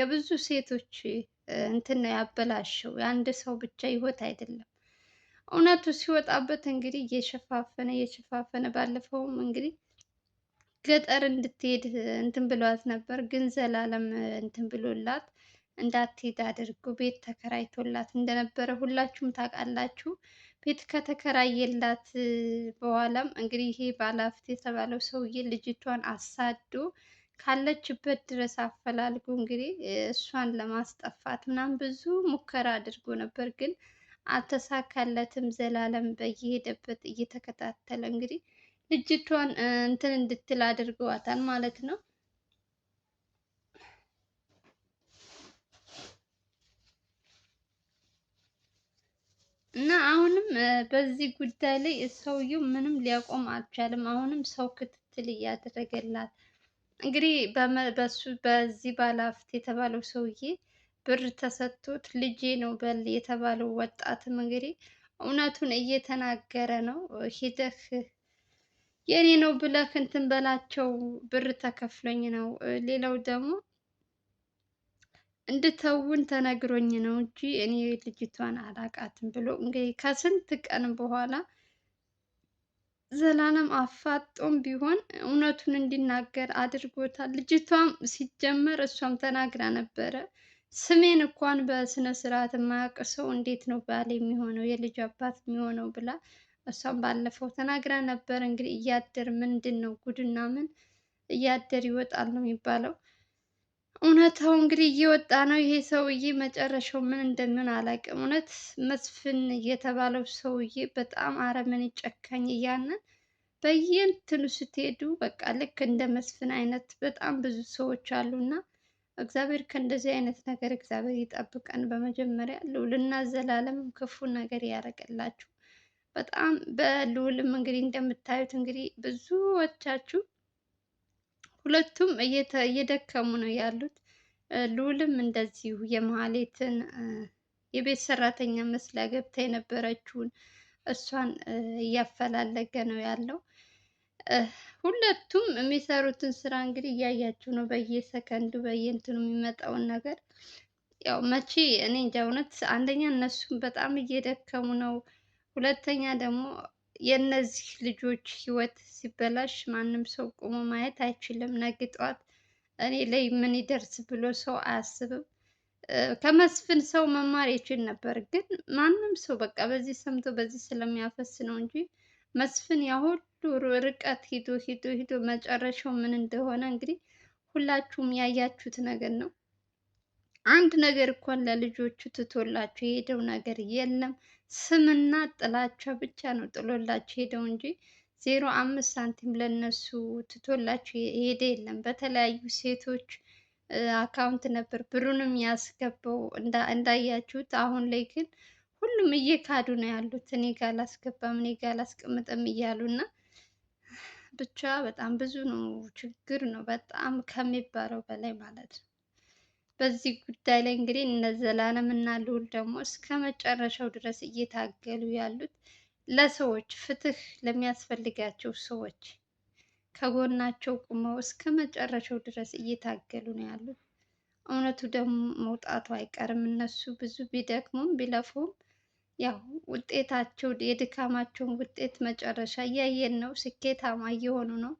የብዙ ሴቶች እንትን ነው ያበላሸው። የአንድ ሰው ብቻ ህይወት አይደለም። እውነቱ ሲወጣበት እንግዲህ እየሸፋፈነ እየሸፋፈነ ባለፈውም እንግዲህ ገጠር እንድትሄድ እንትን ብሏት ነበር፣ ግን ዘላለም እንትን ብሎላት እንዳትሄድ አድርጎ ቤት ተከራይቶላት እንደነበረ ሁላችሁም ታውቃላችሁ። ቤት ከተከራየላት በኋላም እንግዲህ ይሄ ባለሀብት የተባለው ሰውዬ ልጅቷን አሳዶ ካለችበት ድረስ አፈላልጎ እንግዲህ እሷን ለማስጠፋት ምናምን ብዙ ሙከራ አድርጎ ነበር፣ ግን አልተሳካለትም። ዘላለም በየሄደበት እየተከታተለ እንግዲህ ልጅቷን እንትን እንድትል አድርገዋታል ማለት ነው። እና አሁንም በዚህ ጉዳይ ላይ ሰውየው ምንም ሊያቆም አልቻለም። አሁንም ሰው ክትትል እያደረገላት እንግዲህ በሱ በዚህ ባለሀብት የተባለው ሰውዬ ብር ተሰጥቶት ልጄ ነው በል የተባለው ወጣትም እንግዲህ እውነቱን እየተናገረ ነው። ሂደህ የኔ ነው ብለህ እንትን በላቸው ብር ተከፍሎኝ ነው። ሌላው ደግሞ እንድተውን ተነግሮኝ ነው እንጂ እኔ ልጅቷን አላቃትም ብሎ እንግዲህ ከስንት ቀን በኋላ ዘላለም አፋጦም ቢሆን እውነቱን እንዲናገር አድርጎታል። ልጅቷም ሲጀመር እሷም ተናግራ ነበረ። ስሜን እንኳን በስነ ስርዓት የማያውቅ ሰው እንዴት ነው ባል የሚሆነው የልጅ አባት የሚሆነው ብላ እሷም ባለፈው ተናግራ ነበር። እንግዲህ እያደር ምንድን ነው ጉድና ምን እያደር ይወጣል ነው የሚባለው። እውነታው እንግዲህ እየወጣ ነው። ይሄ ሰውዬ መጨረሻው ምን እንደሚሆን አላውቅም። እውነት መስፍን የተባለው ሰውዬ በጣም አረመኔ፣ ጨካኝ እያንን በየእንትኑ ስትሄዱ በቃ ልክ እንደ መስፍን አይነት በጣም ብዙ ሰዎች አሉና እግዚአብሔር ከእንደዚህ አይነት ነገር እግዚአብሔር ይጠብቀን። በመጀመሪያ ልዑልና ዘላለም ክፉ ነገር ያደርግላችሁ። በጣም በልዑልም እንግዲህ እንደምታዩት እንግዲህ ብዙዎቻችሁ ሁለቱም እየደከሙ ነው ያሉት። ልዑልም እንደዚሁ የመሀሌትን የቤት ሰራተኛ መስላ ገብታ የነበረችውን እሷን እያፈላለገ ነው ያለው። ሁለቱም የሚሰሩትን ስራ እንግዲህ እያያችሁ ነው፣ በየሰከንዱ በየእንትኑ የሚመጣውን ነገር ያው መቼ እኔ እንጃ እውነት። አንደኛ እነሱም በጣም እየደከሙ ነው፣ ሁለተኛ ደግሞ የእነዚህ ልጆች ህይወት ሲበላሽ ማንም ሰው ቆሞ ማየት አይችልም። ነገ ጠዋት እኔ ላይ ምን ይደርስ ብሎ ሰው አያስብም። ከመስፍን ሰው መማር ይችል ነበር፣ ግን ማንም ሰው በቃ በዚህ ሰምቶ በዚህ ስለሚያፈስ ነው እንጂ መስፍን ያ ሁሉ ርቀት ሂዶ ሂዶ ሂዶ መጨረሻው ምን እንደሆነ እንግዲህ ሁላችሁም ያያችሁት ነገር ነው። አንድ ነገር እንኳን ለልጆቹ ትቶላቸው የሄደው ነገር የለም። ስምና ጥላቸው ብቻ ነው ጥሎላቸው ሄደው እንጂ ዜሮ አምስት ሳንቲም ለነሱ ትቶላቸው ሄደ የለም። በተለያዩ ሴቶች አካውንት ነበር ብሩንም ያስገባው እንዳያችሁት። አሁን ላይ ግን ሁሉም እየካዱ ነው ያሉት። እኔ ጋ ላስገባም፣ እኔ ጋ ላስቀምጥም እያሉ እና ብቻ በጣም ብዙ ነው ችግር ነው በጣም ከሚባለው በላይ ማለት ነው። በዚህ ጉዳይ ላይ እንግዲህ እነ ዘላለም እና ልዑል ደግሞ እስከ መጨረሻው ድረስ እየታገሉ ያሉት ለሰዎች ፍትህ ለሚያስፈልጋቸው ሰዎች ከጎናቸው ቁመው እስከ መጨረሻው ድረስ እየታገሉ ነው ያሉት። እውነቱ ደግሞ መውጣቱ አይቀርም። እነሱ ብዙ ቢደክሙም ቢለፉም ያው ውጤታቸው የድካማቸውን ውጤት መጨረሻ እያየን ነው። ስኬታማ እየሆኑ ነው።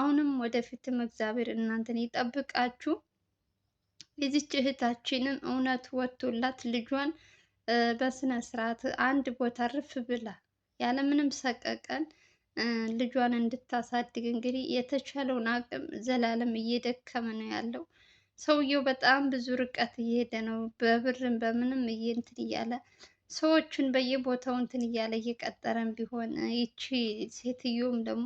አሁንም ወደፊትም እግዚአብሔር እናንተን ይጠብቃችሁ። የዚች እህታችን እውነት ወቶላት ልጇን በስነ ስርዓት አንድ ቦታ ርፍ ብላ ያለምንም ሰቀቀን ልጇን እንድታሳድግ እንግዲህ የተቻለውን አቅም ዘላለም እየደከመ ነው ያለው። ሰውየው በጣም ብዙ ርቀት እየሄደ ነው፣ በብርም በምንም እንትን እያለ ሰዎችን በየቦታው እንትን እያለ እየቀጠረም ቢሆን ይቺ ሴትዮም ደግሞ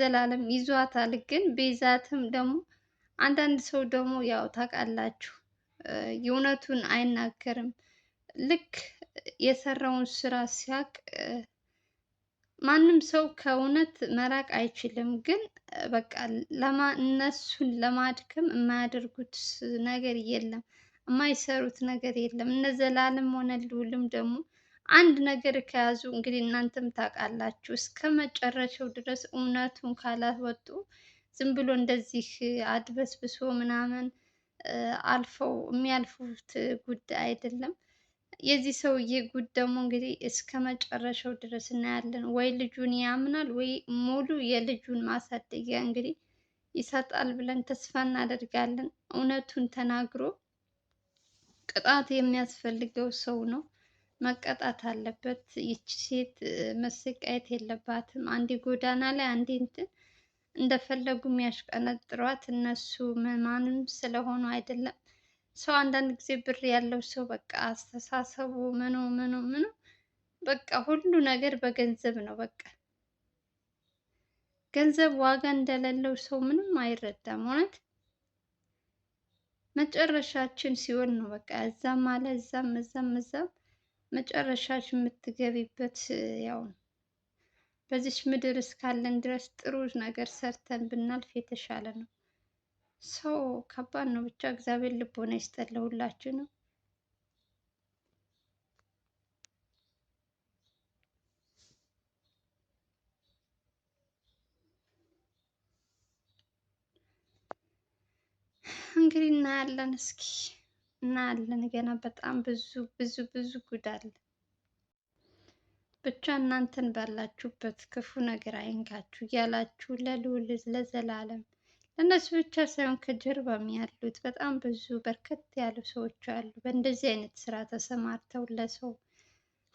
ዘላለም ይዟታል። ግን ቤዛትም ደግሞ አንዳንድ ሰው ደግሞ ያው ታውቃላችሁ የእውነቱን አይናገርም። ልክ የሰራውን ስራ ሲያቅ ማንም ሰው ከእውነት መራቅ አይችልም። ግን በቃ እነሱን ለማድከም የማያደርጉት ነገር የለም፣ የማይሰሩት ነገር የለም። እነ ዘላለም ሆነ ልውልም ደግሞ አንድ ነገር ከያዙ እንግዲህ እናንተም ታውቃላችሁ እስከ መጨረሻው ድረስ እውነቱን ካላወጡ ዝም ብሎ እንደዚህ አድበስብሶ ምናምን አልፈው የሚያልፉት ጉዳይ አይደለም። የዚህ ሰውዬ ጉድ ደግሞ እንግዲህ እስከ መጨረሻው ድረስ እናያለን። ወይ ልጁን ያምናል ወይ ሙሉ የልጁን ማሳደጊያ እንግዲህ ይሰጣል ብለን ተስፋ እናደርጋለን። እውነቱን ተናግሮ ቅጣት የሚያስፈልገው ሰው ነው። መቀጣት አለበት። ይቺ ሴት መሰቃየት የለባትም። አንዴ ጎዳና ላይ አንዴ እንትን እንደፈለጉ የሚያሽቀነጥሯት እነሱ ምዕመናንም ስለሆኑ አይደለም። ሰው አንዳንድ ጊዜ ብር ያለው ሰው በቃ አስተሳሰቡ ምኑ ምኑ ምኑ በቃ ሁሉ ነገር በገንዘብ ነው። በቃ ገንዘብ ዋጋ እንደሌለው ሰው ምንም አይረዳም። እውነት መጨረሻችን ሲሆን ነው በቃ እዛም አለ እዛም እዛም እዛም መጨረሻችን የምትገቢበት ያው ነው። በዚች ምድር እስካለን ድረስ ጥሩ ነገር ሰርተን ብናልፍ የተሻለ ነው። ሰው ከባድ ነው። ብቻ እግዚአብሔር ልቦና ይስጠን ለሁላችሁ ነው። እንግዲህ እናያለን። እስኪ እናያለን። ገና በጣም ብዙ ብዙ ብዙ ጉድ አለ። ብቻ እናንተን ባላችሁበት ክፉ ነገር አይንካችሁ እያላችሁ ለልዑል ለዘላለም እነሱ ብቻ ሳይሆን ከጀርባም ያሉት በጣም ብዙ በርከት ያሉ ሰዎች አሉ። በእንደዚህ አይነት ስራ ተሰማርተው ለሰው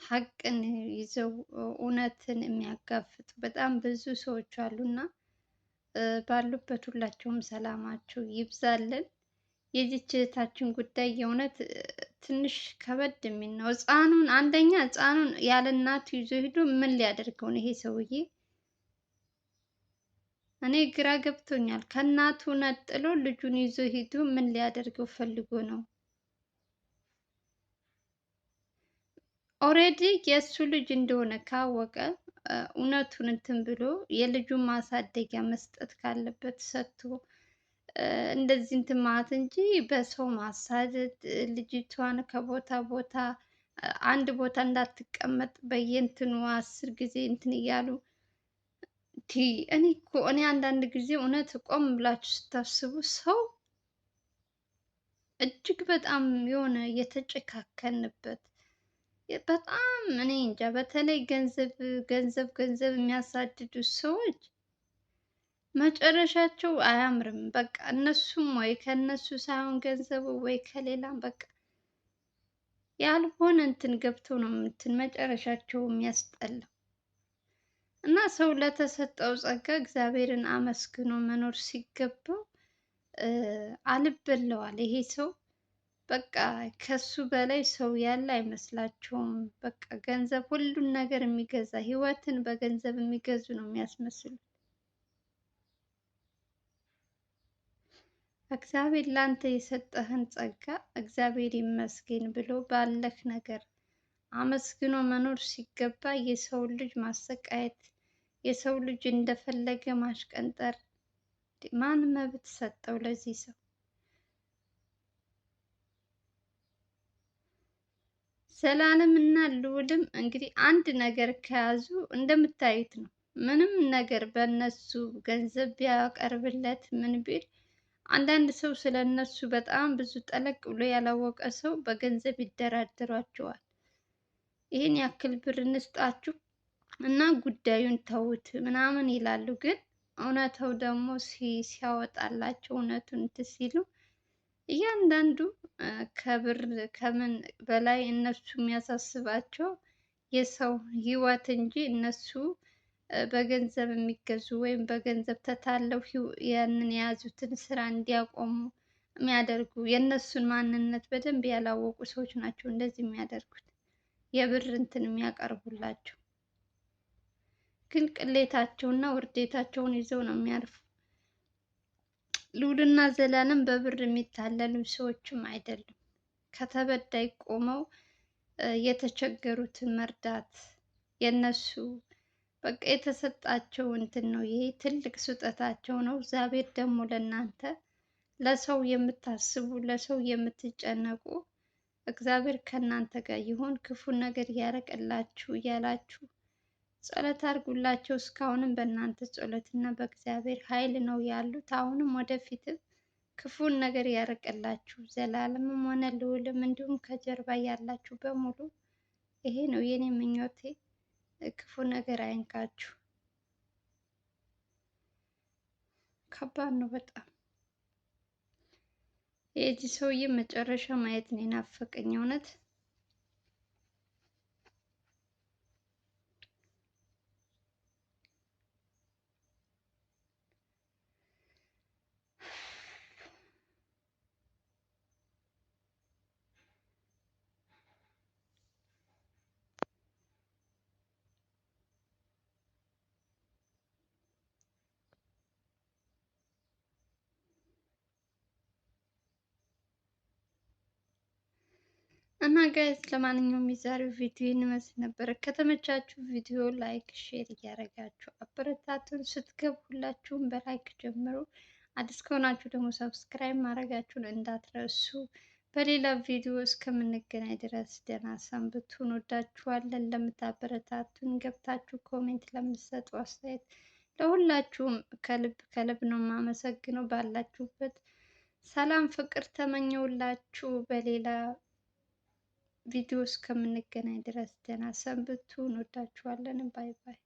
ሀቅን ይዘው እውነትን የሚያጋፍጡ በጣም ብዙ ሰዎች አሉና ባሉበት ሁላቸውም ሰላማቸው ይብዛልን። የዚች እህታችን ጉዳይ የእውነት ትንሽ ከበድ የሚል ነው። ህፃኑን አንደኛ ህፃኑን ያለ እናቱ ይዞ ሄዶ ምን ሊያደርገው ነው ይሄ ሰውዬ? እኔ ግራ ገብቶኛል። ከእናቱ ነጥሎ ልጁን ይዞ ሄዶ ምን ሊያደርገው ፈልጎ ነው? ኦሬዲ የእሱ ልጅ እንደሆነ ካወቀ እውነቱን እንትን ብሎ የልጁን ማሳደጊያ መስጠት ካለበት ሰጥቶ እንደዚህ እንትን ማለት እንጂ በሰው ማሳደድ ልጅቷን ከቦታ ቦታ አንድ ቦታ እንዳትቀመጥ በየእንትኑ አስር ጊዜ እንትን እያሉ እኔ እኮ እኔ አንዳንድ ጊዜ እውነት ቆም ብላችሁ ስታስቡ ሰው እጅግ በጣም የሆነ የተጨካከንበት በጣም እኔ እንጃ። በተለይ ገንዘብ ገንዘብ ገንዘብ የሚያሳድዱ ሰዎች መጨረሻቸው አያምርም። በቃ እነሱም ወይ ከነሱ ሳይሆን ገንዘቡ ወይ ከሌላም በቃ ያልሆነ እንትን ገብተው ነው እንትን መጨረሻቸው የሚያስጠላው። እና ሰው ለተሰጠው ጸጋ እግዚአብሔርን አመስግኖ መኖር ሲገባው አልበለዋል። ይሄ ሰው በቃ ከሱ በላይ ሰው ያለ አይመስላቸውም። በቃ ገንዘብ ሁሉን ነገር የሚገዛ ህይወትን በገንዘብ የሚገዙ ነው የሚያስመስሉት። እግዚአብሔር ለአንተ የሰጠህን ጸጋ እግዚአብሔር ይመስገን ብሎ ባለህ ነገር አመስግኖ መኖር ሲገባ የሰው ልጅ ማሰቃየት፣ የሰው ልጅ እንደፈለገ ማሽቀንጠር ማን መብት ሰጠው ለዚህ ሰው? ዘላለም እና ልዑልም እንግዲህ አንድ ነገር ከያዙ እንደምታዩት ነው። ምንም ነገር በእነሱ ገንዘብ ቢያቀርብለት ምን ቢል አንዳንድ ሰው ስለ እነሱ በጣም ብዙ ጠለቅ ብሎ ያላወቀ ሰው በገንዘብ ይደራደሯቸዋል። ይህን ያክል ብር እንስጣችሁ እና ጉዳዩን ተውት ምናምን ይላሉ። ግን እውነታው ደግሞ ሲያወጣላቸው እውነቱን እንትን ሲሉ እያንዳንዱ ከብር ከምን በላይ እነሱ የሚያሳስባቸው የሰው ህይወት እንጂ እነሱ በገንዘብ የሚገዙ ወይም በገንዘብ ተታለው ያንን የያዙትን ስራ እንዲያቆሙ የሚያደርጉ የእነሱን ማንነት በደንብ ያላወቁ ሰዎች ናቸው እንደዚህ የሚያደርጉት የብር እንትን የሚያቀርቡላቸው። ግን ቅሌታቸውና ውርዴታቸውን ይዘው ነው የሚያርፉ ልዑልና ዘላለም በብር የሚታለሉ ሰዎችም አይደሉም። ከተበዳይ ቆመው የተቸገሩትን መርዳት የእነሱ በቃ የተሰጣቸው እንትን ነው። ይሄ ትልቅ ስጦታቸው ነው። እግዚአብሔር ደግሞ ለእናንተ ለሰው የምታስቡ ለሰው የምትጨነቁ እግዚአብሔር ከእናንተ ጋር ይሆን፣ ክፉ ነገር ያረቀላችሁ እያላችሁ ጸሎት አድርጉላቸው። እስካሁንም በእናንተ ጸሎትና በእግዚአብሔር ኃይል ነው ያሉት። አሁንም ወደፊትም ክፉን ነገር ያረቀላችሁ ዘላለምም ሆነ ልዑልም እንዲሁም ከጀርባ ያላችሁ በሙሉ ይሄ ነው የኔ ምኞቴ። ክፉ ነገር አይንካችሁ። ከባድ ነው በጣም። የዚህ ሰውዬ መጨረሻ ማየት ነው የናፈቀኝ እውነት። እና ጋይስ ለማንኛውም የዛሬው ቪዲዮ ይመስል ነበረ። ከተመቻችሁ ቪዲዮ ላይክ፣ ሼር እያደረጋችሁ አበረታቱን። ስትገቡ ሁላችሁም በላይክ ጀምሩ። አዲስ ከሆናችሁ ደግሞ ሰብስክራይብ ማድረጋችሁን እንዳትረሱ። በሌላ ቪዲዮ እስከምንገናኝ ድረስ ደህና ሰንብቱ። እንወዳችኋለን። ለምታበረታቱን ገብታችሁ ኮሜንት ለምትሰጡ አስተያየት ለሁላችሁም ከልብ ከልብ ነው የማመሰግነው። ባላችሁበት ሰላም ፍቅር ተመኘውላችሁ በሌላ ቪዲዮ እስከምንገናኝ ድረስ ደህና ሰንብቱ። እንወዳችኋለን። ባይ ባይ።